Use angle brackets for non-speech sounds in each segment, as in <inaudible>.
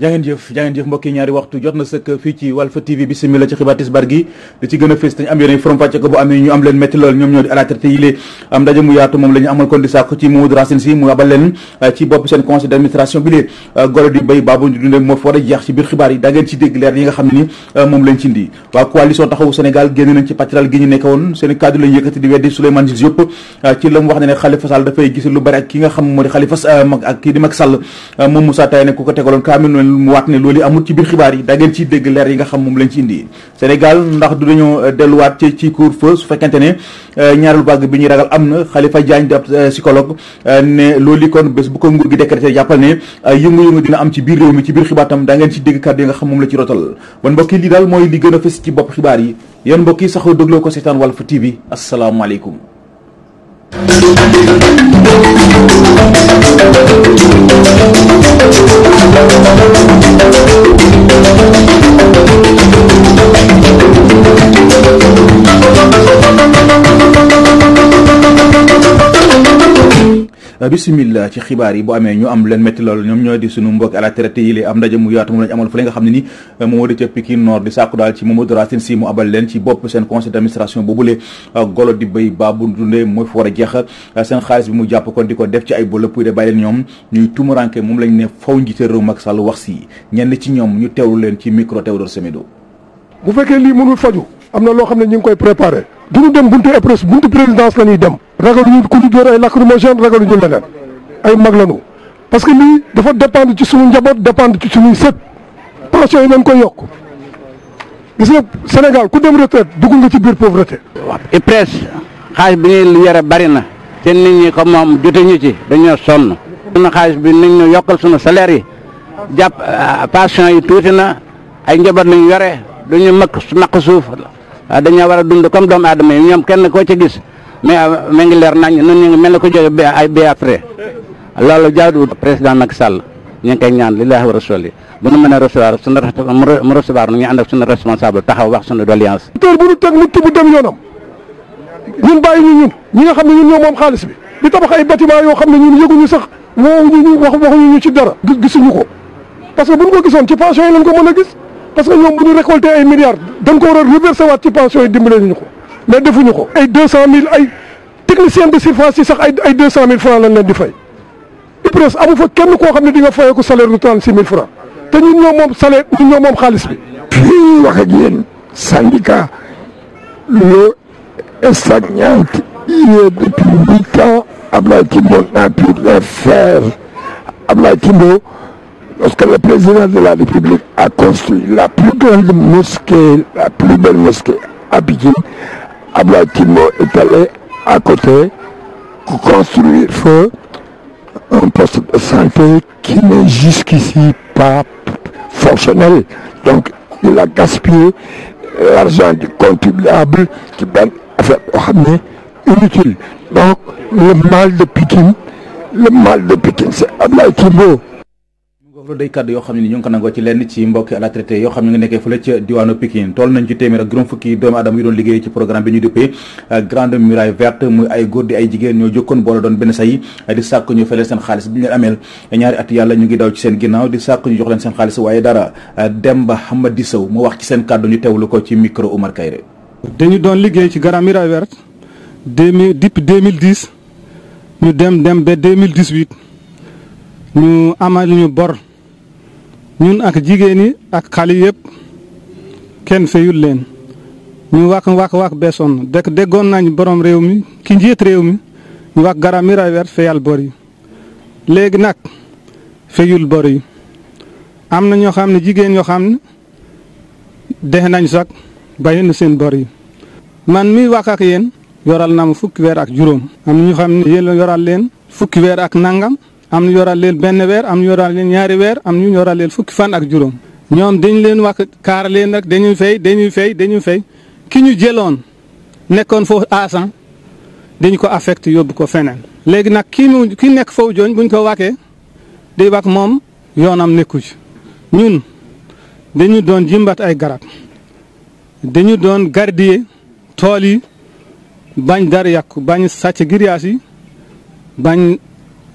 jangeen jëf jangeen ñaari waxtu jot na sëkk fii ci Walf TV bismillah ci xibaar tisbaar gi li gën a fës te am yéen ay forom fàcce ko bu amee ñu am leen métti lool ñoom ñoo di à la yi lée am ndaje mu yaatu moom la ñu kon di sàkku ci Mamadou Racine Sy mu abal leen euh, ci bopp seen conseil d'administration bi lée euh, golo di béy baabu dundee moo fi a jeex ci biir xibaar yi da ngeen ci dégg leer yi nga xam ni euh, moom lañ ci indi waa coalition mu waat ne loolu amul ci biir xibaar yi da ngeen ciy dégg leer yi nga xam moom lañ ci indi Sénégal ndax du dañoo euh, delluwaat ci ci couvre-feu su fekkente ne euh, ñaareelu vague bi ñuy ragal am na Khalifa Diagne di ab euh, psychologue ne loolu li kon bés bu ko nguur gi décrété jàppal ne yëngu-yëngu dina am ci biir réew mi ci biir xibaar tam da ngeen ci dégg kàddu yi nga xam moom la ci rotal bon mbokk yi lii daal mooy li gën a fës ci bopp xibaar yi yéen mbokk yi saxoo dégloo ko seetaan Walf TV asalaamaaleykum bisimilla ci xibaar yi bu amee ñu am leen métti loolu ñoom ñoo di suñu mbokki à la am ndaje mu yaatu mu lañu amal fu la nga xam ne ni moomoo euh, di ci bopp seen conseil d'administration boobulee euh, golo di béy baabu dundee mooy fa war a jeex euh, seen xaalis bi mu jàpp kon di ko def ci ay bëlëpp yi de bàyyi leen ñoom ñuy tumuranke moom lañ ne faw njiite réew Macky wax si ñenn ci ñoom ñu teewlu leen ci micro Théodore Semedo bu fekkee am na loo xam ne ñu ngi koy préparé du ñu dem buntu EPROS buntu présidence la ñuy dem ragaluñu ku ñu dóor ay lacrymogène ragaluñu leneen ay mag lañu parce que lii dafa dépendre ci suñu njaboot dépendre ci suñuy sët pension yi nañ koy yokk gis nga Sénégal ku dem retraite dugg nga ci biir pauvreté. waaw IPRES xaalis bi ngay yore bari na te nit ñi comme moom jotuñu ci dañoo sonn. na xaalis bi nañ ñu yokkal suñu salaire jàpp euh, pension yi tuuti na ay njaboot lañ yore duñu makk makk suuf. Ah, dañoo war a dund comme doomu aadama yi ñoom kenn koo ci gis mais ah, ma ngi leer nañ ñun ñu mel ne ko jóge ba ay ba après loolu jaaduwut président Macky Sall ñu ñaan lillaahi wa rasul yi bu nu mën a recevoir suñu mu recevoir nu ñu ànd ak suñu responsable taxaw wax suñu doléance tër bu ñu teg nit ki dem yoonam ñun bàyyi ñu ñun ñi nga xam ne ñun ñoo moom xaalis bi di tabax ay bâtiment yoo xam ne ñun yëguñu sax waxuñu ñu ci dara gisuñu ko parce que a parce que ñoom bu ñu récolté ay milliards dañ ko war a reversé waat ci pension yi dimbale ñu ko mais defuñu ko ay deux cent mille ay technicien de surface yi sax ay ay deux cent mille franc lañ leen di fay IPRES amu fa kenn koo xam ne di nga fayee ko salaire lu trente six te ñun ñoo moom salaire ñun ñoo moom xaalis bi fii wax ak yéen syndicat le stagnant il est depuis huit ans Ablaye Timbo n'a pu rien faire Ablaye Timbo Lorsque le président de la République a construit la plus grande mosquée, la plus belle mosquée à Pékin, Abdoulaye Timbo est allé à côté pour construire un poste de santé qui n'est jusqu'ici pas fonctionnel. Donc il a gaspillé l'argent du contribuable qui donne affaire boo xam inutile. Donc le mal de Pékin, c'est Abdoulaye Timbo. loolu day kàddu yoo xam ne ni ñu ngi ko nangoo ci lenn ci mbokki à yoo xam ne nga nekkee fële ca diwaanu Pikine toll nañ ci téeméer ak juróom fukki doomu aadama yu doon liggéey ci programme bi ñu duppee euh, euh, ñu euh, ko ci micro Oumar Kayre dañu doon liggéey dem dem ba ñu amal ñu bor ñun ak jigéen ñi ak xale yëpp kenn feyul leen ñu wàq wàq wàq bee sonn dëkk déggoon nañ borom réew mi ki njiit réew mi ñu wax garam mi rawer feyal bor yi léegi nag feyul bor yi am na ñoo xam ne jigéen ñoo xam ne dexe nañ sax bàyyi na seen bor yi man mi wax ak yéen yoral na ma fukki weer ak juróom am na ñu xam ne yéen yoral leen fukki weer ak nangam am ñu yoral leen benn weer am ñu yoral leen ñaari weer am ñu yoral leen fukki fan ak juróom ñoom dañ leen wax kaar leen rek dañuy fay dañuy fay dañuy fay ki ñu jëloon nekkoon foofu agent dañu ko affecté yóbbu ko feneen. léegi nag ki mu ki nekk foofu jooñ buñ ko waxee day wax moom yoonam nekku ci ñun dañu doon jimbat ay garab dañu doon gardiye tool yi bañ dara yàqu bañ sàcc giriyaas bañ.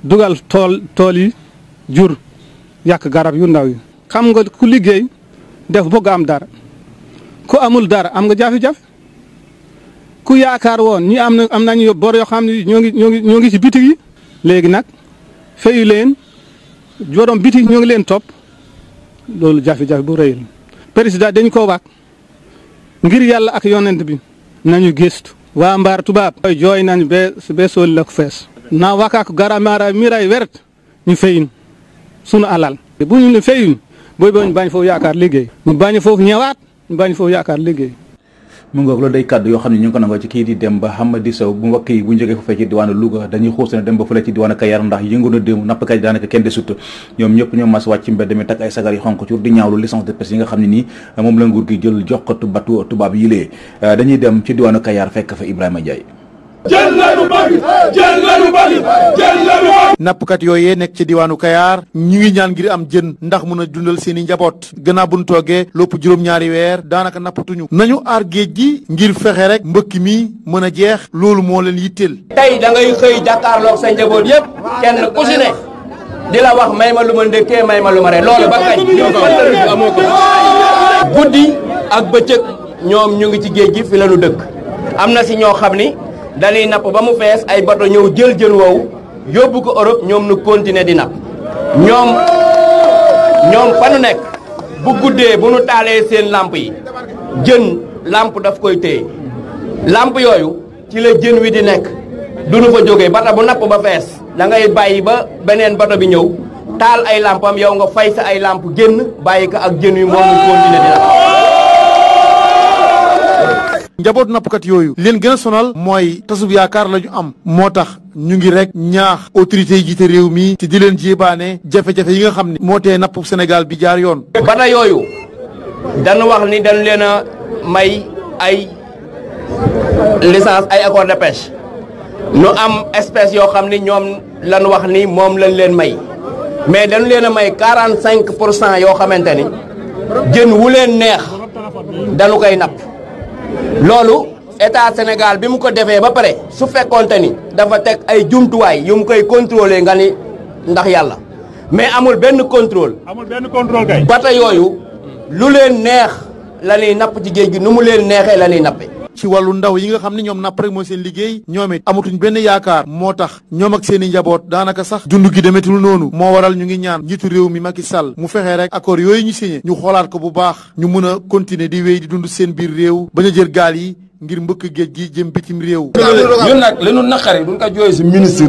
dugal tool tool yi jur yàq garab yu ndaw yi xam nga ku liggéey def bëgg am dara ku amul dara am nga jafe-jafe ku yaakaar woon ñi am na am nañu bor yoo xam ne ñoo ngi ñoo ngi ñoo ngi ci bitig yi léegi nag fayu leen jorom bitig ñoo ngi leen topp loolu jafe-jafe bu rëy la président dañ ko wax ngir yàlla ak yonent bi nañu gëstu waa mbaar tubaab jooy nañ ba ba sóoli la ko fees na wakako gara mara mira e weret ñu feyin sunu alal bu ñu ne feyin booy boo ñu bañ foofu yaakaar liggéey mu bañ foofu ñëwaat ñu bañ foofu yaakaar liggéey mu ngoog loolu day kàddu yoo xam ne ñu ngi ko nangoo ci kii di dem ba Hamadi Sow bu mbokk yi bu ñu jógee foofee ci diwaanu Louga dañuy xuus dem ci ñoom ñëpp ñoom mas wàcc ci mbedd takk ay sagar yu xonk ci di ñaawlu licence de pêche yi nga xam ne nii moom la nguur gi jël jox tubaab tubaab yi lee dañuy dem ci diwaanu Kayar fekk fa Ibrahima Ndiaye jël lanu bëgg jël lanu bëgg jël lanu bëgg nappkat yooyee nekk ci diwaanu Kayaar ñu ngi ñaan ngir am jën ndax mun a dundal seeni njaboot gannaaw bu ñu toogee lopp juróom-ñaari weer daanaka nappatuñu nañu aar géej gi ngir fexe rek mbëkk mi mën a jeex loolu moo leen yitteel tey da ngay xëy jàkkaarloog sa njaboot yépp kenn ku si di la wax may ma lu ma ndëkkee may ma lu ma re loolu ba kañ guddi ak bëccëg ñoom ñu ngi ci géej gi fi la am na si ñoo xam ni dañuy napp ba mu fees ay bato ñëw jël jën woowu yóbbu ko Europe ñoom nu continuer di napp ñoom ñoom fa nekk bu guddee bu nu taalee seen làmp yi jën làmp daf koy téye làmp yooyu ci la jën wi di nekk du nu fa jógee bato bu napp ba fees da ngay bàyyi ba beneen bato bi ñëw taal ay làmpam yow nga fay sa ay làmp génn bàyyi ko ak jën wi moom nu continuer di napp njabootu nappkat yooyu leen gën a sonal mooy tasub yaakaar la ñu am moo tax ñu ngi rek ñaax autorités yi jiite réew mi te di leen jéebaane jafe yi nga xam ne moo tee napp Sénégal bi jaar yoon bana yooyu dañu wax ni dañu leen a may ay licence ay accord de pêche ñu am espèce yoo xam ni ñoom lañ wax ni moom lañ leen may mais dañu leen a may 45 pour cent yoo xamante ni jën wu leen neex dañu koy napp loolu état Sénégal bi mu ko defee ba pare su fekkoonte ni dafa teg ay jumtuwaay yu mu koy contrôler nga ni ndax yàlla mais amul benn contrôle. amul benn contrôle kay. bata yooyu lu leen neex la ñuy napp ci géej gi nu mu leen neexee la ñuy nappe ci wàllu ndaw yi nga xam ne ñoom napp rek mooy seen liggéey ñoomi it benn yaakaar moo tax ñoom ak seen i njaboot daanaka sax dund gi demetul noonu moo waral ñu ngi ñaan njiitu réew mi i Sall mu fexe rek accord yooyu ñu signé ñu xoolaat ko bu baax ñu mën a di wéy di dund seen biir réew bañ a jël gaal yi ngir mbëkk géej gi jëm bitim réew. ñun nag li ñu naqari duñ ko jooy si ministre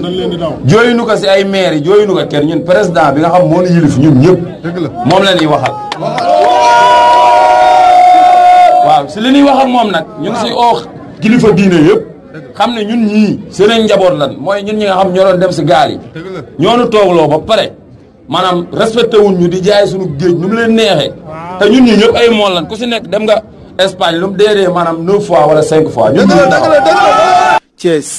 jooyu nu ko si ay maire jooyu nu ko kenn ñun président bi nga moo ñu yilif ñun ñëpp moom la ñuy waxal waaw si li ñuy wax ak moom nag ñu ngi si oo kilifa diine yëpp xam ne ñun ñii seen njaboot lan mooy ñun ñi nga xam ñoroon dem si gaal yi ñoonu toogloo ba pare maanaam respecté wuñ ñu di jaay suñu géej nu mu leen neexee te ñun ñii ñëpp ay mool lan ku si nekk dem nga Espagne lu mu deedee maanaam neuf fois wala cinq fois ñun Thiès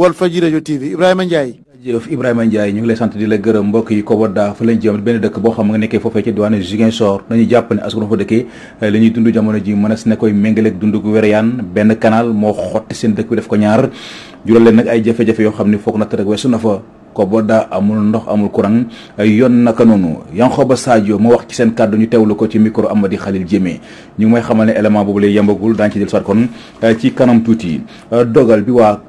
Walfadjri Radio TV Ibrahima Ndiaye jërëjëf Ibrahima Ndiaye ñu ngi lay sant di la gërëm mbokk yi Kobodda fa lañ jëm benn dëkk boo xam nga nekkee foofee ci diwaanu Ziguinchor nañu jàpp ne askan fa dëkkee li ñuy dund jamono ji mënees na koy méngaleeg dund gu wereyaan benn canal moo xotti seen dëkk bi def ko ñaar jural leen nag ay jafe-jafe yoo xam ni foog natt rek weesu na fa ko boda amul ndox amul courant yoon naka noonu Yankhoba Sadio moo wax ci seen kàddu ñu teew teewlu ko ci micro Amady Khalil Diémé ñu ngi may xamal ne élément boobu lay yembagul daañu ci del kon euh, ci kanam tuuti euh, dogal bi waa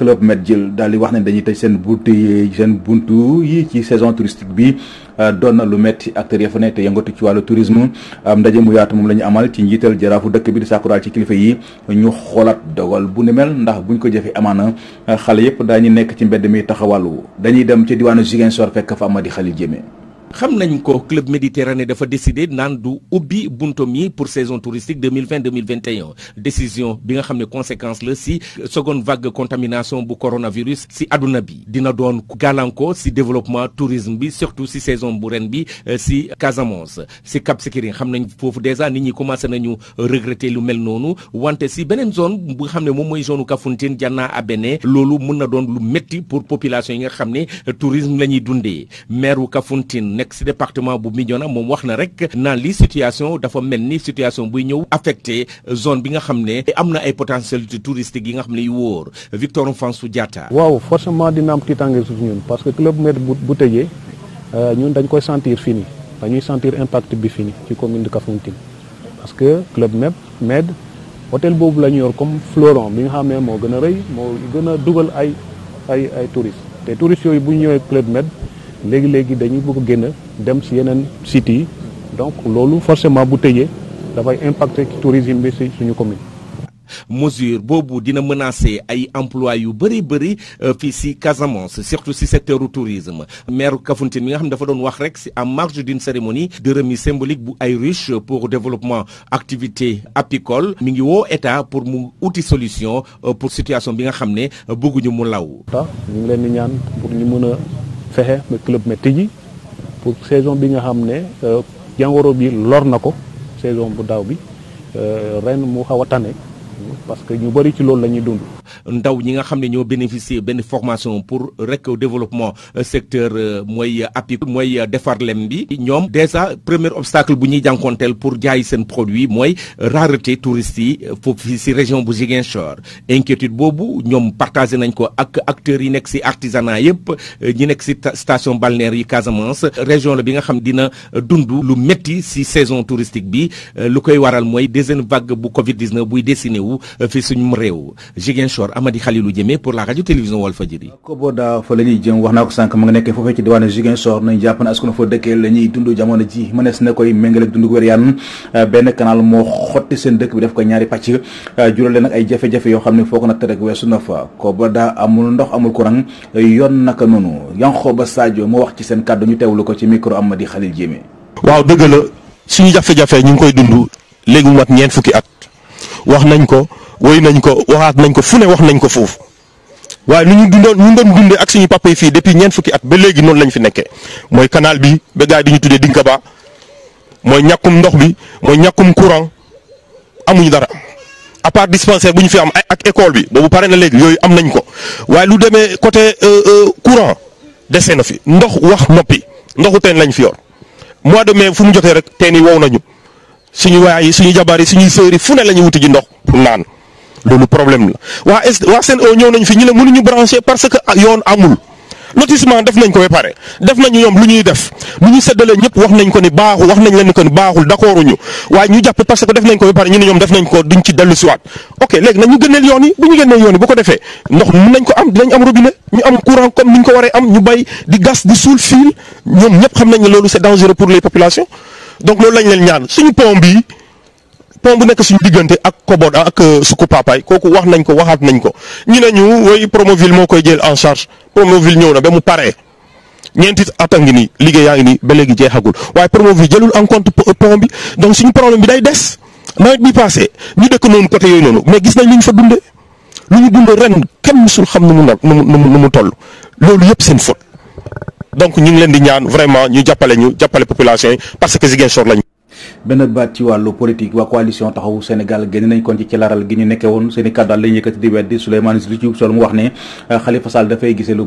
jël daal di wax ne dañuy tëj seen buntu yi seen buntu ci saison touristique bi euh, doon na lu metti acteurs ya fa ne te yëngatu ci wàllu tourisme ndaje mu yaatu moom la ñu amal ci njiital jaraafu dëkk bi di sàkku daal ci kilifa yi ñu xoolaat dogal bu ni mel ndax buñ ko jëfee amana xale yëpp daañu nekk ci mbedd mi taxawalu dañuy dem ci diwaanu Ziguinchor fekk fa Amady Khalil Diémé xam nañ ko club méditerranée dafa décider naan du ubbi buntom yi pour saison touristique 2020 2021 décision bi nga xam ne conséquence la si seconde vague contamination bu coronavirus si adduna bi dina doon gàllankoor si développement tourisme bi surtout si saison bu ren bi euh, si Casamance si Cap Skirring xam nañ foofu déjà nit ñi commencé nañu regretter lu mel noonu wante si beneen zone bu xam ne moom mooy zone Kafountine a Abéné loolu mën na doon lu métti pour population yi nga xam ne tourisme la ñuy dundee maire Kafountine nekk si département bu Bignona moom wax na rek naan li situation dafa mel ni situation buy ñëw affecté zone bi nga xam ne am na ay potentialité touristique yi nga xam ne yu wóor Victor Mfansou Diatta. waaw forcément dina am tiitaange suuf ñun parce que Club Med bu tëjee euh, ñun dañ koy sentir fii dañuy sentir impact bi fii nii ci commune de Kafountine parce que Club Med Med hôtel boobu la ñu yor comme fleuron bi nga xam ne moo gën a rëy moo gën a dugal ay ay ay touristes léegi léegi dañuy bëgg a génn dem si yeneen sites yi donc loolu forcément bu tëjee dafay impacter ci tourisme bi suñu commune. mesure boobu dina menacer ay emploi yu bëri bëri euh, fii si Casamance surtout si secteur du tourisme maire Kafountine mi nga xam ne dafa doon wax rek si en marge d'une cérémonie de remise symbolique bu ay riche pour développement activité apicole mi ngi woo état pour mu uti solution euh, pour situation bi nga xam ne euh, bëgguñu mu law. ñu ngi leen ñaan pour ñu mën a fexe ba club mi tijji pour saison bi nga xam ne euh, jàngoro bi lor na ko saison bu daaw bi euh, ren mu xaw a tane parce que ñu bëri ci loolu la ñuy dund. ndaw ñi nga xam ne ñoo bénéficier benn formation pour rek développement euh, secteur euh, mooy euh, appui mooy defar lem bi ñoom déjà premier obstacle bu ñuy jànkonteel pour jaay seen produit mooy rareté touristes yi foofu si région bu Ziguinchor inquiétude boobu ñoom partagé nañ ko ak acteurs yi nekk si artisanat yëpp ñi nekk si station balnéaire yi Casamance région la bi nga xam dina dundu lu métti si saison touristique bi lu koy waral mooy deuxième vague bu Covid buy dessiné wu fi suñu réew Ziguinchor Amady Khalilou Diémé pour la radio télévision Walfadjri Koboda fa la ñuy jëm wax naa ko sànq ma nga nekkee foofee ci diwaanu Ziguinchor nañ jàpp ne askan fa dëkkee la dund jamono ji mënees na koy méngale ak dundu wér yaan euh, benn canal moo xotti seen dëkk bi def ko ñaari pàcc euh, jural leen nag ay jafe-jafe yoo xam ne foo ko nag rek weesu na fa Koboda amul ndox amul courant yoon naka noonu Yankhoba Sadio moo wax ci seen kàddu ñu woy nañ ko waxaat nañ ko fu ne wax nañ ko foofu waaye nu ñu dundoon ñu doon dundee ak suñu papa yi fii depuis ñeent fukki at ba léegi noonu lañ fi nekkee mooy kanaal bi ba gars yi di ñu tuddee Dinkaba mooy ñàkkum ndox bi mooy ñàkkum courant amuñu dara à part bu ñu fi am ak école bi boobu pare na léegi yooyu am nañ ko waaye lu demee côté euh, euh, courant dese na fi ndox wax noppi ndoxu teen lañ fi yor mois de mai fu mu jotee rek teen yi wow nañu suñu waay yi suñu jabar yi suñuy sœur yi la ñu wuti ji ndox pour loolu problème la waa est waa Sen'Eau ñëw nañ fi ñu ne mënuñu branché parce que yoon amul lotissement def nañ ko ba pare def nañu ñoom lu ñuy def lu ñu séddalee ñëpp wax nañ ko ni baaxul wax nañ leen ko ni baaxul d'accord ñu waaye ñu jàpp parce que def nañ ko ba pare ñu ne ñoom def nañ ko duñ ci dellu siwaat ok léegi nañu gëneel yoon yi bu ñu gëneel yoon yi bu ko defee ndox mun nañ ko am dinañ am robinet ñu am courant comme ni ñu ko waree am ñu bay di gas di suul fiil ñëpp xam nañ loolu c'est pour les populations donc loolu lañ leen ñaan suñu bii pont bu nekk suñu diggante ak Kobod ak euh, Suku Papaay kooku wax nañ ko waxaat nañ ko ñu ne ñu woy Promoville moo koy jël en charge Promoville ñëw na ba mu paree ñeenti at ngi nii liggéey yaa ngi nii ba léegi jeexagul waaye Promoville jëlul en compte pont bi donc suñu problème bi day des nawet bi passé ñu dëkk noonu côté yooyu noonu mais gis nañ li ñu fa dunde lu ñu dund ren kenn musul xam nu mu nag nu mu nu mu toll loolu yëpp seen faute donc ñu ngi leen di ñaan vraiment ñu jàppale ñu jàppale population yi parce que Ziguinchor lañu. benn baat ci wàllu politique waa coalition taxawu Sénégal génn nañ kon ci ci gi ñu nekke woon seen i kàddu daal lañu yëkkati di weddi Souleymane Jules Diop Sall mu wax ne euh, Khalifa Sall dafay gisee lu euh,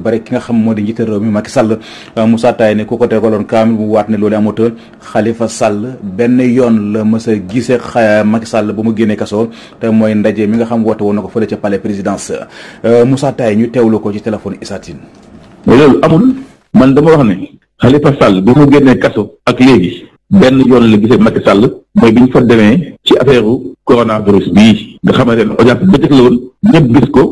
mu benn yoon la mës a gisee Macky Sall ba mu génnee kaso te mooy ndaje mi nga xam woote woon na ko fële ca palais présidence euh, Moussa Taye ñu teewlu ko ci téléphone Isatine mais loolu man dama wax ne Khalifa Sall ba mu génnee kaso ak léegi benn yoon la gisee Macky Sall mooy bi ñu fa demee ci affaire coronavirus bii nga xamante ne audience bëccëg la woon ñëpp gis ko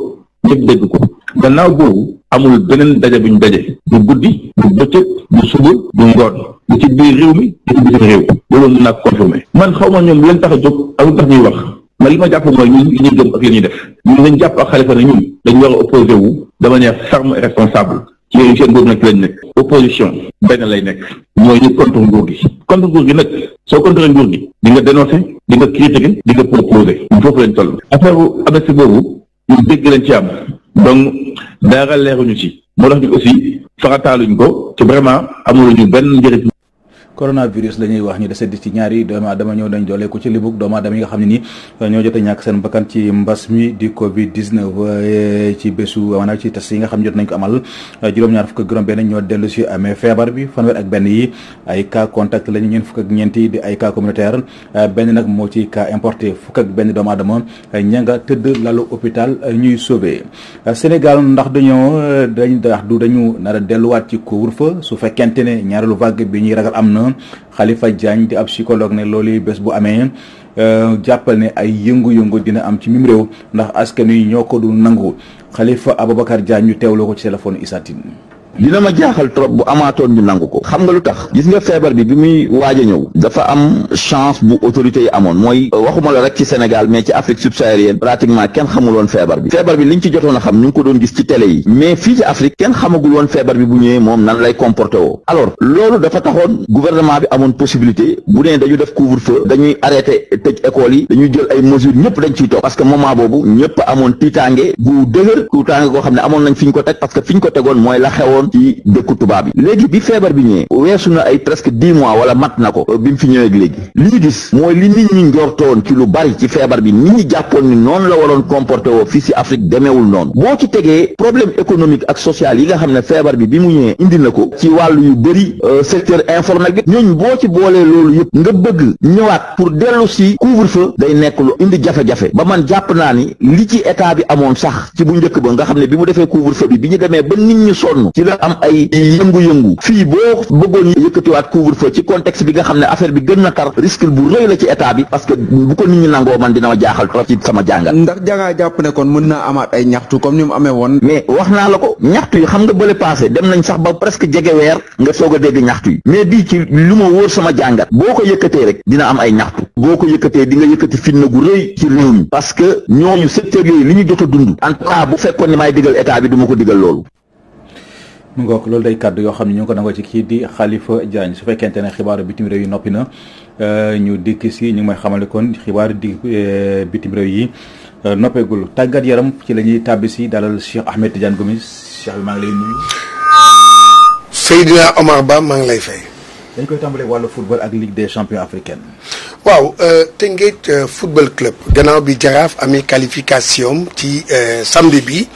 ñëpp dégg ko gannaaw boobu amul beneen daje bu ñu daje du guddi du bëccëg du suba du ngoon du ci biir réew mi du ci bitim réew loolu dinaa ko confirmé man xaw ma ñoom leen tax a jóg ak tax ñuy wax man li ma jàpp mooy ñun li ñuy gëm ak li ñuy def ñun lañ jàpp ak Xalifa ne ñun dañ war a opposé wu de manière ferme et responsable ci yooyu nguur lañ nekk opposition benn lay nekk mooy ñu contre nguur gi contre nguur gi nag soo contre nguur gi di nga dénoncé di nga critiqué di nga foofu lañ toll affaire bu amnistie boobu ñu dégg lañ ci am donc dara leeruñu ci moo tax ñu aussi farataaluñ ko ci vraiment amuluñu benn njëriñ coronavirus la ñuy wax ñu desedi ci ñaari doomu aadama ñëw nañ doolee ko ci limug doomu aadama yi nga xam ne nii ñoo jot a ñàkk seen bakkan ci mbas mi di covid 19 ci bésu maanaam ci test yi nga xam ne jot nañ ko amal juróom-ñaar fukk ak juróom-benn ñoo dellu si amee feebar bi fanweer ak benn yi ay cas contact lañu ñeen fukk ak ñeenti di ay cas communautaire benn nag moo ci cas importé fukk ak benn doomu aadama ña nga tëdd lalu hôpital ñuy sauvé Sénégal ndax dañoo dañ ndax du dañu nar a delluwaat ci couvre-feu su fekkente ne ñaareelu vague bi ñuy na Khalifa Diagne di ab psychologue ne loolu bés bu amee euh, jàppal ne ay yëngu-yëngu dina am ci mim réew ndax askan wi ñoo ko du nangu xalifa Khalifa Ababacar Diagne ñu teewloo ko ci téléphone Issa dina ma jaaxal trop bu amaatoon ñu nangu ko xam nga lu tax gis nga feebar bi bi muy waaj a ñëw dafa am chance bu autorité yi amoon mooy waxuma la rek ci Sénégal mais ci Afrique subsaharienne pratiquement kenn xamuloon feebar bi feebar bi liñ ci jotoon a ñu ngi ko doon gis ci télé yi mais fii ci Afrique kenn xamagul woon feebar bi bu ñëwee moom nan lay comporté woo alors loolu dafa taxoon gouvernement bi amoon possibilité bu nee dañu def couvre-feu dañuy arrêté tëj école yi dañuy jël ay mesures ñëpp dañ ciy toog parce que moment boobu ñëpp amoon nekkoon ci dëkku tubaab léegi bi feebar bi ñëwee weesu na ay presque dix mois wala mat na ko bi mu fi ñëwee léegi li ñu gis mooy li nit ñi njortoon ci lu bari ci feebar bi nit ñi jàppoon ni noonu la waroon comporté woo fii si Afrique demeewul noonu boo ci tegee problème économique ak social yi nga xam ne feebar bi bi mu ñëwee indi na ko ci wàllu yu bëri euh, secteur informel bi ñooñ boo ci boolee loolu yëpp nga bëgg ñëwaat pour dellu si couvre-feu day nekk lu indi jafe-jafe ba man jàpp naa ni li ci état bi amoon sax ci nga am ay yëngu-yëngu fii boo bëggoon yëkkatiwaat couvre-feu ci contexte bi nga xam ne affaire bi gën na tar risque bu rëy la ci état bi parce que bu ko nit ñi nangoo man dina ma jaaxal trop ci sama jàngat ndax jangaa jàpp ne kon mën naa amaat ay ñaxtu comme ni mu amee woon mais wax naa la ko ñaxtu yi xam nga bële passé dem nañ sax ba presque jege weer nga soog a dégg ñaxtu yi mais bi ci lu ma wóor sama jàngat boo ko yëkkatee rek dina am ay ñaxtu boo ko yëkkatee di nga yëkkati fitna gu rëy ci réew mi parce que ñooñu secteur yooyu li ñu jot dund en tout bu fekkoon ni maay digal état bi du ma ko digal loolu mu ngook loolu day kàddu yoo xam ne ñu ngi ko nangoo ci kii di Khalifa Diagne su fekkente ne xibaaru bitim réew yi noppi na euh, ñu dikk si ñu ngi may xamale kon xibaaru di euh, bitim réew yi euh, noppeegul tàggat yaram ci la ñuy tàbbi si dalal Cheikh Ahmed Tidiane Gomis Cheikh bi maa ngi lay nuyu. Seydina Omar Ba maa ngi lay fay. dañ koy tàmbalee wàllu football ak Ligue de champions africaine. waaw euh, Tëngéej euh, football club ganaaw bi jaraaf amee qualification ci euh, samedi bi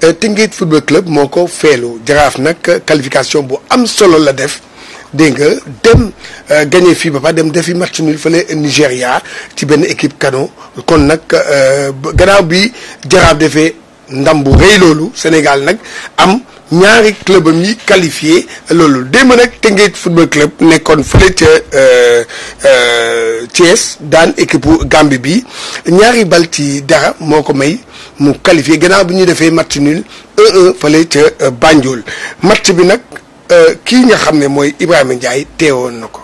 Tëngéej football club moo ko feelu jaraaf nag qualification bu am solo la def dégg nga dem gagné fii ba dem defi match nul fële Nigéria ci benn équipe kano kon nag gannaaw bi jaraaf defee ndam bu rëy loolu Sénégal nag am. ñaari club am yi qualifié loolu démb nag Tëngéej football club nekkoon fële ca euh, euh, Thiès daan équipe Gambie bi ñaari bal yi dara moo ko may mu qualifié gannaaw bi ñu defee match nul 1-1 fële ca euh, Banjul match bi nag kii nga xam ne mooy Ibrahima Ndiaye teewoon na ko.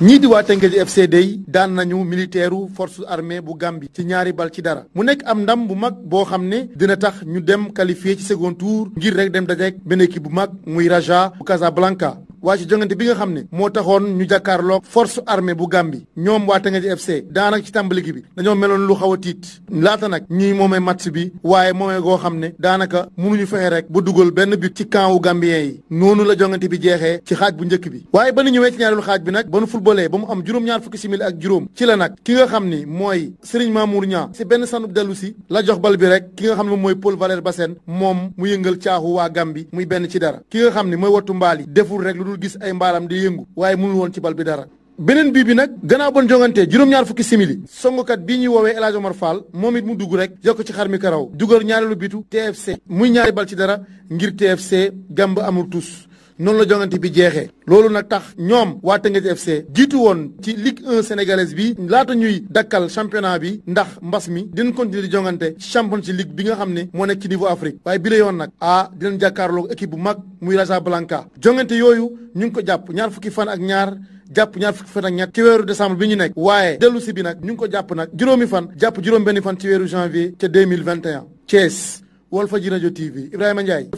ñii di waa Teungueth FC day daan militeeru force armée bu Gambie ci ñaari bal ci dara mu nekk am ndam bu mag boo xam ne dina tax ñu dem qualifié ci second tour ngir rek dem dajeek benn bu mag muy Raja bu Casablanca waa ci jongante bi nga xam ne moo taxoon ñu jàkkaarloog force armée bu gàmbi ñoom waa Tëngéej FC daanaka ci tàmbali bi dañoo meloon lu xaw a tiit laata nag ñii moomee match bi waaye moomee goo xam ne daanaka mënuñu fexe rek bu dugal benn bi ci camp wu Gambien yi noonu la jongante bi jeexee ci xaaj bu njëkk bi waaye ba ñu ñëwee ci ñaareelu xaaj bi nag ba nu footballee ba mu am juróom-ñaar fukki simili ak juróom ci la nag ki nga xam ni mooy Serigne Mamour Niang benn sanub dellu si la jox bal bi rek ki nga xam ne moom mooy Paul Valère Bassène moom mu yëngal caaxu waa Gambie muy benn ci dara ki nga xam ne mooy wattu mbaal yi deful rek dul gis ay mbaalam di yëngu waaye mënul woon ci bal bi dara beneen bii bi nag gannaaw bon jongante juróom-ñaar fukki simili songukat bii ñuy woowee El Hadj Omar Fall moom it mu dugg rek yokk ci xar mi karaw dugal ñaareelu bitu TFC muy ñaari bal ci dara ngir TFC gàmb amul tus noonu la jongante bi jeexee loolu nag tax ñoom waa Teungueth FC jiitu woon ci Ligue 1 sénégalaise bi laata ñuy dakkal championnat bi ndax mbas mi dinañ continuer di jongante ci Champions League bi nga xam ne moo nekk ci niveau Afrique waaye bi la yoon nag ah dinañ jàkkaarloog équipe bu mag muy Casablanca jongante yooyu ñu ngi ko jàpp ñaar fukki fan ak ñaar jàpp ñaar fukki fan ak ñett ci weeru décembre bi ñu nekk waaye dellu si bi nag ñu ngi ko jàpp nag juróomi fan jàpp juróom benn fan ci weeru janvier ca 2021 Thiès Walfadjri Radio TV Ibrahima Ndiaye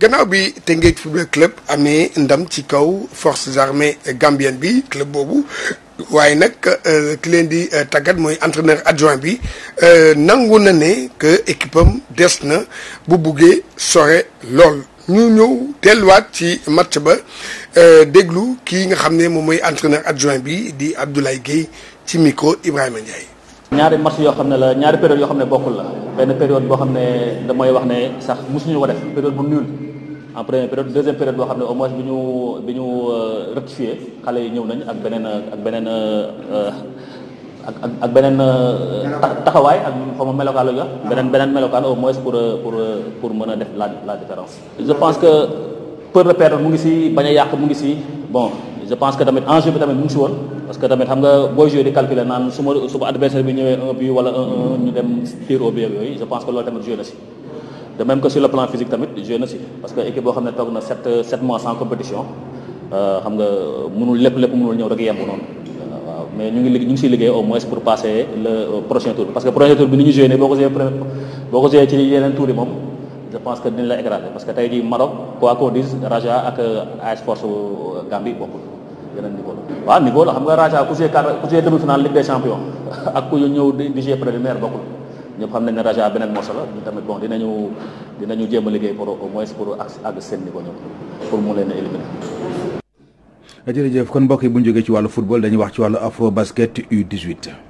gannaaw bi Teungueth football club amee ndam ci kaw forces armées gambienne bi club boobu waaye nag euh, ki leen di euh, tàggat mooy entraîneur adjoint bi euh, nangu na ne que équipe des na bu buggee sore lool. ñu ñëw delluwaat ci match ba déglu kii nga xam ne moom mooy entraîneur adjoint bi di Abdoulaye Guèye ci micro Ibrahima Ndiaye. ñaari match yoo xam ne la ñaari période yoo xam ne bokkul la benn période boo xam ne damay wax ne sax mosuñu ko def période bu nul. en première période deuxième période boo xam ne au moins bi ñu bi ñu euh, rectifié xale yi ñëw nañ ak beneen ak beneen euh, ak ak ak beneen euh, taxawaay ak xaw ma melokaan la ñu wax ah. beneen beneen au moins pour pour pour mën a def la la différence je pense que peur de perdre mu ngi si bañ a yàq mu ngi si bon je pense que tamit enjeu bi tamit mu ngi si woon parce que tamit xam nga booy joué di calculer naan su ma su ma adversaire bi ñëwee un but wala un un ñu dem tir au but yooyu je pense que loolu tamit si de même que sur le plan physique tamit joué si parce que équipe boo xam ne toog na sept sept mois sans compétition euh, xam nga mënul lépp lépp mënul ñëw rek yemb noonu euh, waaw mais ñu ngi ñu ngi siy liggéey au mois pour passer le euh, prochain tour parce que prochain tour bi ni ñu joué boo ko joué boo ko joué ci que dinañ la écraser parce que tey jii Maroc quoi qu'on dise Raja ak AS Force Gambie bokkul yeneen niveau la <laughs> bokkul ñëpp xam nañ ne Raja beneen morceau la ñu tamit bon dinañu dinañu jéem a liggéey pour au moins pour àgg seen niveau ñoom pour mu leen a éliminer. jërëjëf kon mbokk yi bu ñu jógee ci wàllu football dañuy wax ci wàllu afro basket U18.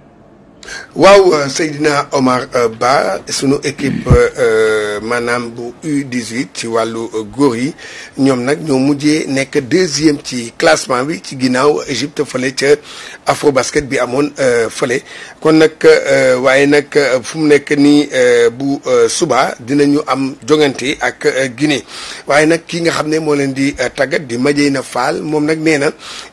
waaw euh, Seydina Omar euh, Ba sunu équipe euh, maanaam bu U18 ci wàllu góor yi ñoom nag ñoo mujjee nekk deuxième ci classement bi ci ginnaaw Égypte fële ca Afrobasket bi amoon fële kon nag waaye nag fu mu nekk nii bu suba dinañu am jongante ak Guinée waaye nag ki nga xam ne moo leen di tàggat di Madièyna Fall moom nag nee na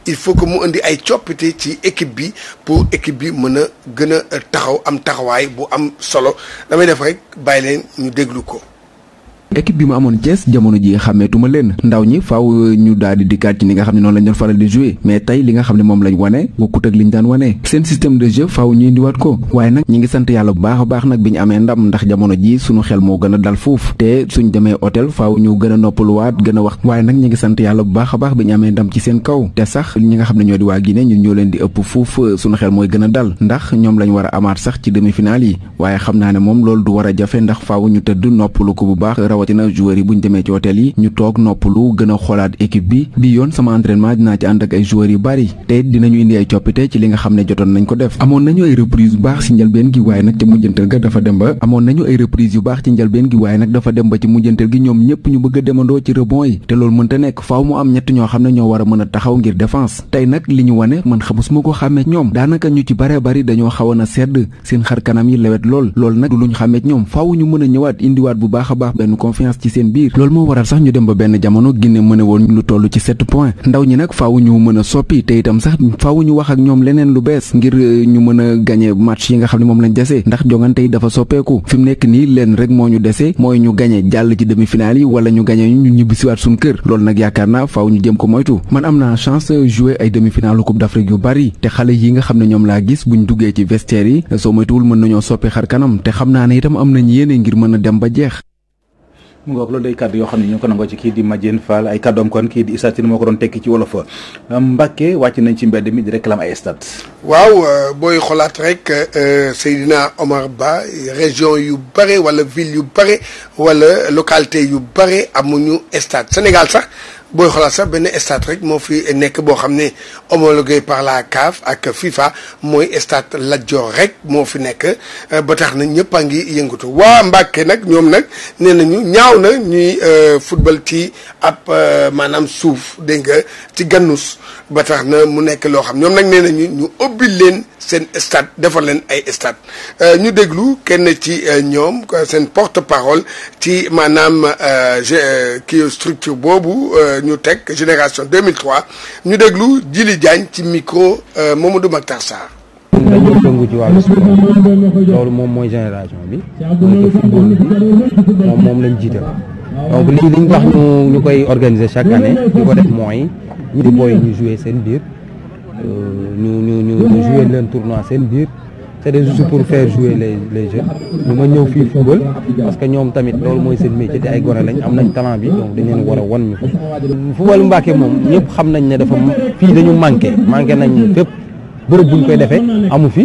il faut que mu indi ay coppite ci équipe bi pour équipe bi mën a gën a taxaw am taxawaay bu am solo damay def rek bàyyi leen ñu déglu ko. équipe bi mu amoon Thiès jamono ji xàmmeetuma leen ndaw ñi faaw euh, ñu daal di dikkaat ci ni nga xam ne noonu lañ doon faral di jouer mais tey li nga xam ne moom lañ wane bokkut ak daan wane seen système de jeu faaw ñu indiwaat ko waaye nag sant yàlla bu baax a baax nag bi ñu amee ndam ndax jamono ji suñu xel moo gën a dal foofu te suñ demee hôtel faaw ñu gën a noppaluwaat gën a wax waaye nag ñi ngi sant yàlla bu baax a baax bi ñu amee ndam ci seen kaw te nga xam ne ñoo di waa Guinée ñun ñoo leen di ëpp foofu euh, suñu xel mooy gën a dal ndax ñoom lañ war a amaat sax ci demi-finale yi waaye xam naa ne moom loolu du war a jafe ndax faaw ñu tëdd noppalu ko bu baax rawatina joueurs yi bu ñu ci hôtel yi ñu toog noppalu gën a xoolaat équipe bi bi yoon sama entraînement dinaa ci ànd ak ay joueurs yu bari te it dinañu indi ay coppite ci li nga xam ne jotoon nañ ko def amoon nañu ay reprise yu baax ci njëlbeen gi waaye nag ci mujjantal ga dafa dem ba amoon nañu ay reprise yu baax ci njëlbeen gi waaye nag dafa dem ba ci mujjantal gi ñoom ñëpp ñu bëgg a demandoo ci rebond yi te loolu mënta nekk faaw mu am ñett ñoo xam ne ñoo war mën a taxaw ngir défense tey nag li ñu wane man xamusuma ko xàmmee ñoom daanaka ñu ci bare bari dañoo xawoon a sedd seen xar kanam yi lewet lool loolu nag du mën a ñëwaat indiwaat bu baax a confiance ci seen biir loolu moo waral sax ñu dem ba benn jamono Guinée mën a woon lu toll ci sept points ndaw ñi nag faaw ñu mën a soppi te itam sax fawu ñu wax ak ñoom leneen lu bees ngir euh, ñu mën a gagné match yi nga xam ne moom lañ desee ndax jongante yi dafa soppeeku fi mu nekk nii leen rek moo ñu dese mooy ñu gagné jàll ci demi-finale yi wala ñu gagné ñu ñibbisiwaat suñu kër loolu nag yaakaar naa faaw ñu jëm ko moytu man am naa chance euh, jouer ay demi-finale coupe d'Afrique yu bari te xale yi nga xam ne ñoom laa gis buñ duggee ci vestiaire yi euh, soo moytuwul mën nañoo soppi xar kanam te xam naa ne itam am nañ yéene ngir mën a dem ba jeex mu ngoog loolu day kàddu yoo xam ne ñu ngi ko nangoo ci kii di Madiène Fall ay kàddoom kon kii di Issa Tine moo ko doon tekki ci wolof Mbacke wàcc nañ ci mbedd mi di réclame ay stade waaw euh, booy xolaat rek euh, Seydina Omar Ba région yu bare wala ville yu bare wala localité yu bare amuñu stade Sénégal sax booy xoolaat sax benn state rek moo fi nekk boo xam ne homologué par la CAF ak FIFA mooy stade Lat Dior rek moo fi nekk euh, ba tax na ñëpp a ngi yëngatu waa Mbàkke nag ñoom nag nee nañu ñaaw na ñuy euh, football ci ab euh, maanaam suuf dégg nga ci gannus ba na mu nekk loo xam ñoom nag nee nañu ñu ubbi leen seen state defal leen ay stade ñu déglu kenn ci ñoom seen porte parole ci maanaam ki structure boobu ñu teg génération 2003 ñu déglu Djili Diagne ci micro euh, Mamadou Mactar Sarr. dañuy ci wàllu sport loolu moom mooy génération bi mooy moom moom lañ jiite donc lii liñ tax ñu ñu koy organiser chaque année ñu ko def mooy ñu di booy ñu jouer seen biir euh, ñu ñu ñu ñu seen biir. c'est juste pour faire jouer les les jeunes ma ñëw fii football parce que ñoom tamit loolu mooy seen métier te ay gore lañ am nañ talent bi donc dañ leen war a wan moom ñëpp xam nañ ne dafa fii dañu manqué manqué nañ fépp bërëb buñ koy defee amu fi.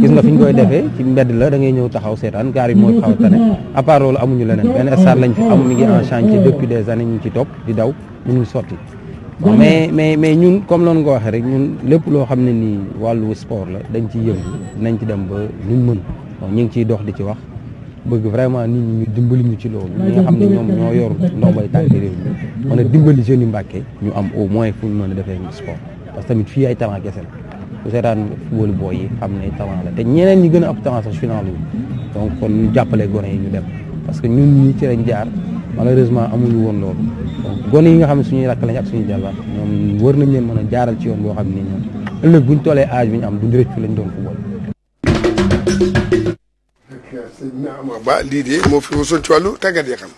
gis nga fi ñu koy defee ci mbedd la da ngay ñëw taxaw seetaan gaar mooy xaw a tane à part loolu amuñu leneen benn stade lañ fi am ngi en chantier depuis des années ñu ci topp di daw mënuñ sotti. bon mais mais mais ñun comme loolu nga waxee rek ñun lépp loo xam ne nii wàllu sport la dañ ci yëngu nañ ci dem ba luñ mën bon ñu ngi ciy dox di ci wax bëgg vraiment nit ñu dimbali ñu ci loolu ñi nga xam ne ñoom ñoo yor ndombay tànk réew mi mën a dimbali jeunes yi Mbàkke ñu am au moins fu ñu a defee sport parce que tamit fii ay talent kese la ku seetaan football booy yi xam ne talent la te ñeneen ñi gën a ab talent sax final donc kon ñu jàppale gone yi ñu dem parce que ñun ñi ci lañ jaar malheureusement amuñu woon loolu donc gone yi nga xam ne suñuy rakk lañ ak suñu jabar ñoom war nañ leen mën a jaaral ci yoon boo xam ne ñoom ëllëg buñ tollee âge bi ñu am du directeur lañu doon football. waaw ba lii de moo fi mosoon ci wàllu tàggat yi xam.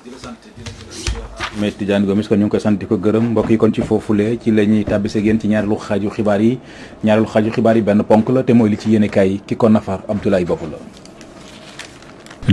Maître Tidiane Gomis kon ñu ngi koy sant ko gërëm mbokk yi kon ci foofulee ci la ñuy tàbbise ak yéen ci ñaareelu xaaju xibaar yi ñaareelu xaaju xibaar yi benn ponk la te mooy li ci yéene kaay ki ko nafar Abdoulaye Bopp la.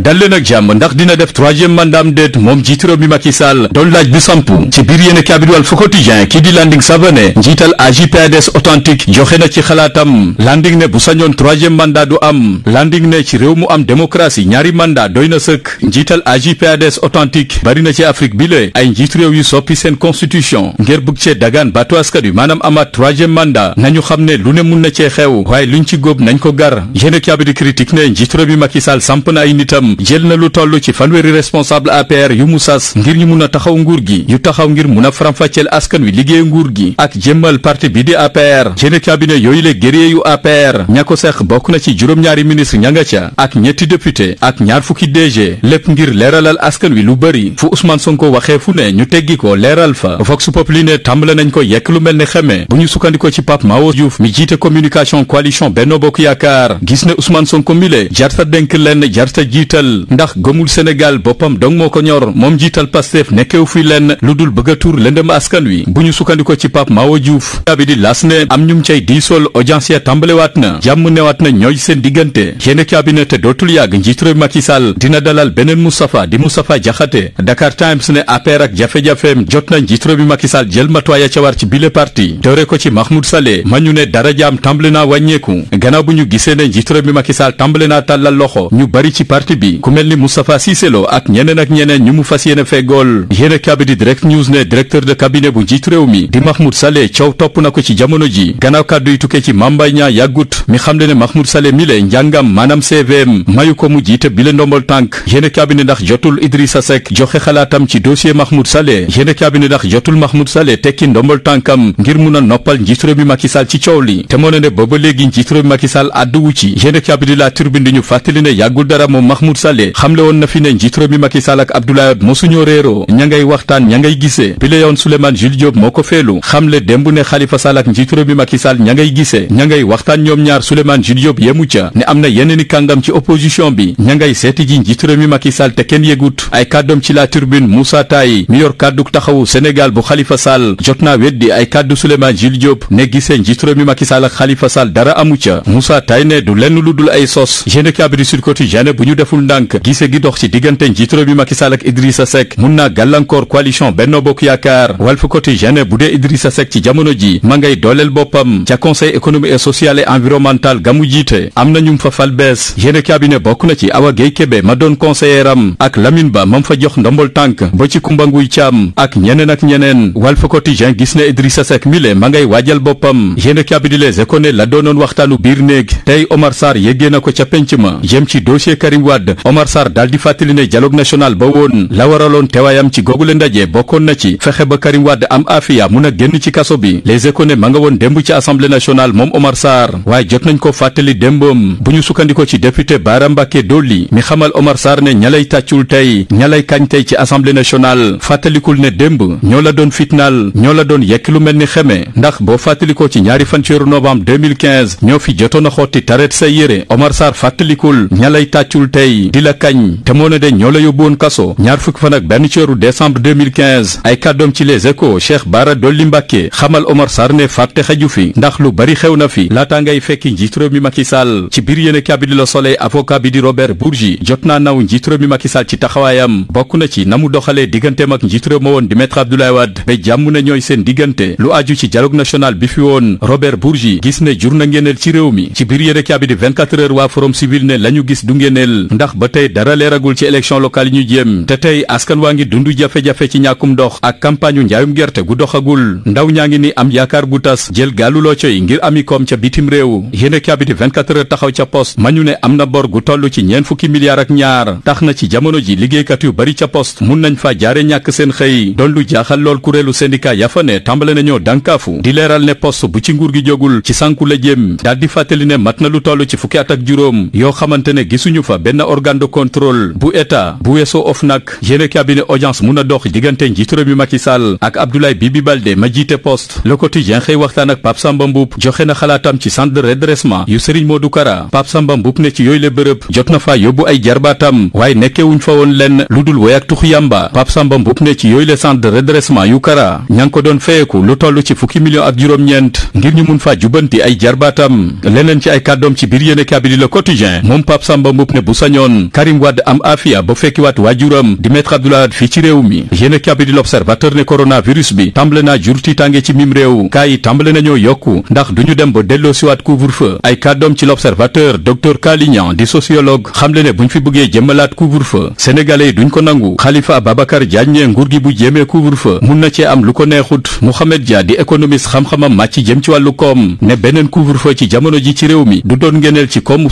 dal leen ak jàmm ndax dina def troisième mandat am moom njiitu réew mi Macky Sall doon laaj bi samp ci biir yéen kaay bi di Walf Quotidien kii di Landing Savané njiital AJ/PADS authentique joxe na ci xalaatam Landing ne bu sañoon troisième mandat du am Landing ne ci réew mu am démocratie ñaari mandat doy na sëkk njiital AJ/PADS authentique bari na ci Afrique bi le ay njiitu réew yu soppi seen constitution ngir bëgg cee dagaan baatu askan wi maanaam amaat troisième mandat nañu xam ne lu ne mun na cee xew waaye luñ ci góob nañ ko gar yéen kaay bi di critique ne njiitu réew mi na ay nitam itam jël na lu toll ci fanweeri responsable APR yu mu sas ngir ñu mun a taxaw nguur gi yu taxaw ngir mun a faram-fàcceel askan wi liggéey nguur gi ak jëmmal parti bi di APR jëne cabinet yooyu le guerrier yu APR ña ko seq bokk na ci juróom-ñaari ministre ña nga ca ak ñetti député ak ñaar fukki DG lépp ngir leeralal askan wi lu bëri fu Ousmane ko waxee fu ne ñu teggi ko leeral fa Vox Populi ne tàmbale nañ ko yekk lu mel ne xeme bu ñu sukkandiko ci Pape Mawo Diouf mi communication coalition Benno Bokk Yaakaar gis jiital ndax gëmul Sénégal boppam dong moo ko ñor moom jiital Pastef nekkew fi lenn lu dul bëgg a tuur lëndëm askan wi bu ñu sukkandiko ci Pape Mawo Diouf taabi di las am ñum cay diisool audience ya tàmbalewaat na jàmm newaat na ñooy seen diggante yéene cabinet te dootul yàgg njiit réew Macky Sall dina dalal beneen Moustapha di Moustapha Diakhaté Dakar Times ne APR ak jafe-jafeem jot na njiit réew bi Macky Sall jël matuwaay ya ca war ci bile parti doore ko ci Mahmoud Saleh ma ñu ne dara jaam tàmbale naa wàññeeku gannaaw bu ñu gisee ne njiit réew bi Macky Sall bi ku mel ni Moustapha Cissé Lo ak ñeneen ak ñeneen ñu mu fas yéene feggool yéene kabi di direct news ne directeur de cabinet bu njiit mi di Mahmoud Saleh coow topp na ko ci jamono ji gannaaw kàddu yi tukkee ci mambay ñaa yàggut mi xam le ne Mahmoud Saleh mi le njàngam maanaam CVM mayu ko mu jiite bi le ndombol tànk yéene kabi ndax jotul Idrissa Seck joxe xalaatam ci dossier Mahmoud Saleh yéene kabi ndax jotul Mahmoud Saleh tekki ndombol tànkam ngir a Mahmoud Saleh xamle woon na fi ne njiit réew mi Macky Sall ak Abdoulaye Wade mosuñoo réeroo ña ngay waxtaan ña ngay gisee bi la yoon Souleymane Jules Diop moo ko feelu xamle démb ne Khalifa Sall ak njiit mi Macky ña ngay gisee ña ngay waxtaan ñoom ñaar Souleymane Jules Diop yemu ne am na yeneeni kàngam ci opposition bi ña ngay seeti ji njiit réew mi Macky Sall te kenn yëgut ay kàddoom ci la turbine Moussa Taye mi kàdduk taxawu Sénégal bu Khalifa Sall jot naa weddi ay kàddu Souleymane ndànk gise gi dox ci diggante njiitu réew bi Macky Sall ak Idrissa mun naa gàllankoor coalition Benno Bokk Yaakaar Walf Quotidien bu dee Idrissa Seck ci jamono ji ma ngay dooleel boppam ca conseil économique et social et environnemental gamu jiite am na ñum fa fal bees yéene cabinet bokk na ci Awa Gueye Kébé ma doon conseiller am ak Lamine Ba mam fa jox ndombol tànk ba ci Kumba Nguy Caam ak ñeneen ak ñeneen Walf Quotidien ko ca penc ma jëm ci dossier tëdd Omar Sarr daal di fàttali ne dialogue national ba woon la waraloon teewaayam ci googule ndaje bokkoon na ci fexe ba Karim Wade am afiya mun a génn ci kaso bi les écone ma nga woon démb ci assemblée nationale moom omarsar Sarr waaye jot nañ ko fàttali démbam bu ñu sukkandiko ci député Bara Mbacké Dolly mi xamal Omar Sarr ne ña lay tàccul tey ña lay kañ tey ci assamble nationale fàttalikul ne démb ñoo la doon fitnaal ñoo la doon yekk lu mel ni xeme ndax boo fàttalikoo ci ñaari fan ci weeru novembre 2015 ñoo fi jotoon a xotti taret say yére Omar Sarr fàttalikul ña lay tàccul tey yi di la kañ te moo ne de ñoo la yóbbuwoon kaso ñaar fukki fan ak benn ci ay kàddoom ci les échos Bara Dolli Mbàkke xamal Omar Sarr fàtte xeju fi ndax lu bari xew na fi laataa ngay fekki njiit mi Macky ci biir yéene kabbidi la Soleil avocat bi di Robert Bourgi jot naa naw njiit mi Macky ci taxawaayam bokk na ci na mu doxalee digganteem ak njiit ma woon di maître Abdoulaye Wade ba jàmm na ñooy seen diggante lu aju ci dialogue bi fi woon Robert ndax ba tey dara leeragul ci élection ngi dund jafe gu doxagul ndaw ñaa ngi ni am yaakaar gu tas taxaw ca poste mañu ne am na bor gu toll ci ñeen fukki milliards ak ñaar tax na ci jamono ji liggéeykat yu bari ca poste mun nañ fa jaare ñàkk seen xëy doon lu jaaxal lool kuréelu syndicat ya fa ne tàmbale nañoo dànkaafu di leeral ne poste bu ci nguur gi jógul ci sànku la jëm daal di fàttali ne mat na lu toll ci fukki at ak juróom yoo xamante ne gisuñu fa benn organe de contrôle bu état bu weesoo OFNAC yéene cabinet audience mun a dox diggante njiitu réew mi ak Abdoulaye Bibi Baldé ma jiite poste le quotidien xëy waxtaan ak Pape Samba joxe na xalaatam ci centre redressement yu Serigne Modou Kara Pape Samba ne ci yooyu le bërëb jot na faa yóbbu ay jarbaatam waaye nekkewuñ fa woon lenn lu dul woy ak tux yàmba Pape Samba ne ci yooyu le centre redressement yu Kara ña ko doon feyeku lu toll ci fukki million ak juróom yoon Karim Wade am afiya ba fekkiwaat waajuram di maître Abdoulaye Wade fii ci réew mi yéene kabi l'observateur ne coronavirus bi tàmbale naa jur tiitaange ci mim réew kaa tàmbale nañoo yokku ndax duñu dem ba delloo siwaat couvre-feu ay kàddoom ci l'observateur docteur Kalignan di sociologue xamle ne buñ fi bëggee jëmmalaat couvre-feu sénégalais duñ ko nangu Khalifa Ababacar Diagne nguur gi bu jéemee couvre-feu mun na cee am lu ko neexut Mouhamed Dia di économiste xam-xamam màcc jëm ci wàllu koom ne beneen couvre-feu ci jamono ji mi du doon ngeneel ci koomu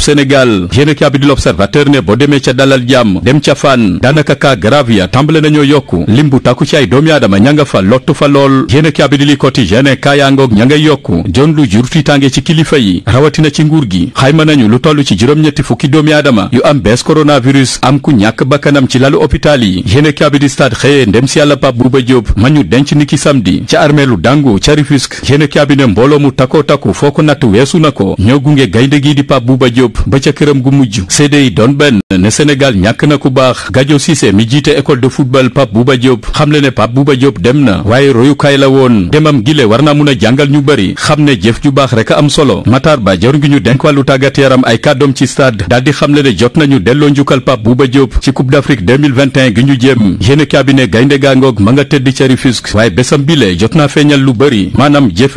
ne boo demee ca dalal jàmm dem ca fànn daanaka ka grave ya tàmbale nañoo yokku lim bu tàkku ci ay doomi aadama ña fa lottu fa lool yéen a kaabi di li quotidien kaayaangoog ña yokku jon lu jur tiitaange ci kilifa yi rawatina ci nguur gi xayma nañu lu toll ci juróom-ñetti fukki doomi aadama yu am bees coronavirus am ku ñàkk bakkanam ci lalu hôpital yi yéen a kaabi di stade xëyee ndem si yàlla Pape Bouba Diop ma ñu denc niki samedi ca armée lu dàngu ca Rufisque yéen a kaabi ne mu takkoo takku foo ko natt weesu na ko ñoo gunge gaynde gi di Pape Bouba Diop ba ca Arène ne Sénégal ñàkk na ku baax Gadio Cissé mi jiite école de football Pape Bouba Diop xamle ne Pape Bouba Diop dem na waaye royukaay la woon demam gile war naa mun a jàngal ñu bëri xam ne jëf ju baax rek am solo Matar Ba jor ngi ñu denk wàllu tàggat yaram ay kàddoom ci stade daal di xamle ne jot nañu delloo njukkal Pape Bouba Diop ci Coupe d'Afrique 2021 gi ñu jéem yéene cabinet gaynde gaangoog ma nga tëdd ca Rufisque waaye bésam bile jot naa feeñal lu bëri maanaam jëf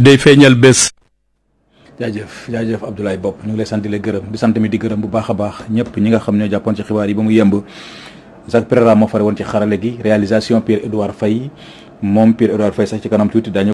jaajëf jaajëf Abdoulaye Bopp ñu ngi lay sant di la gërëm di sant mi di gërëm bu baax a baax ñëpp ñi nga xam ñoo jàppoon ci xibaar yi ba mu yemb sax programme moo fare woon ci xarale gi réalisation Pierre Edouard Faye moom Pierre Edouard Faye sax ci kanam tuuti dañu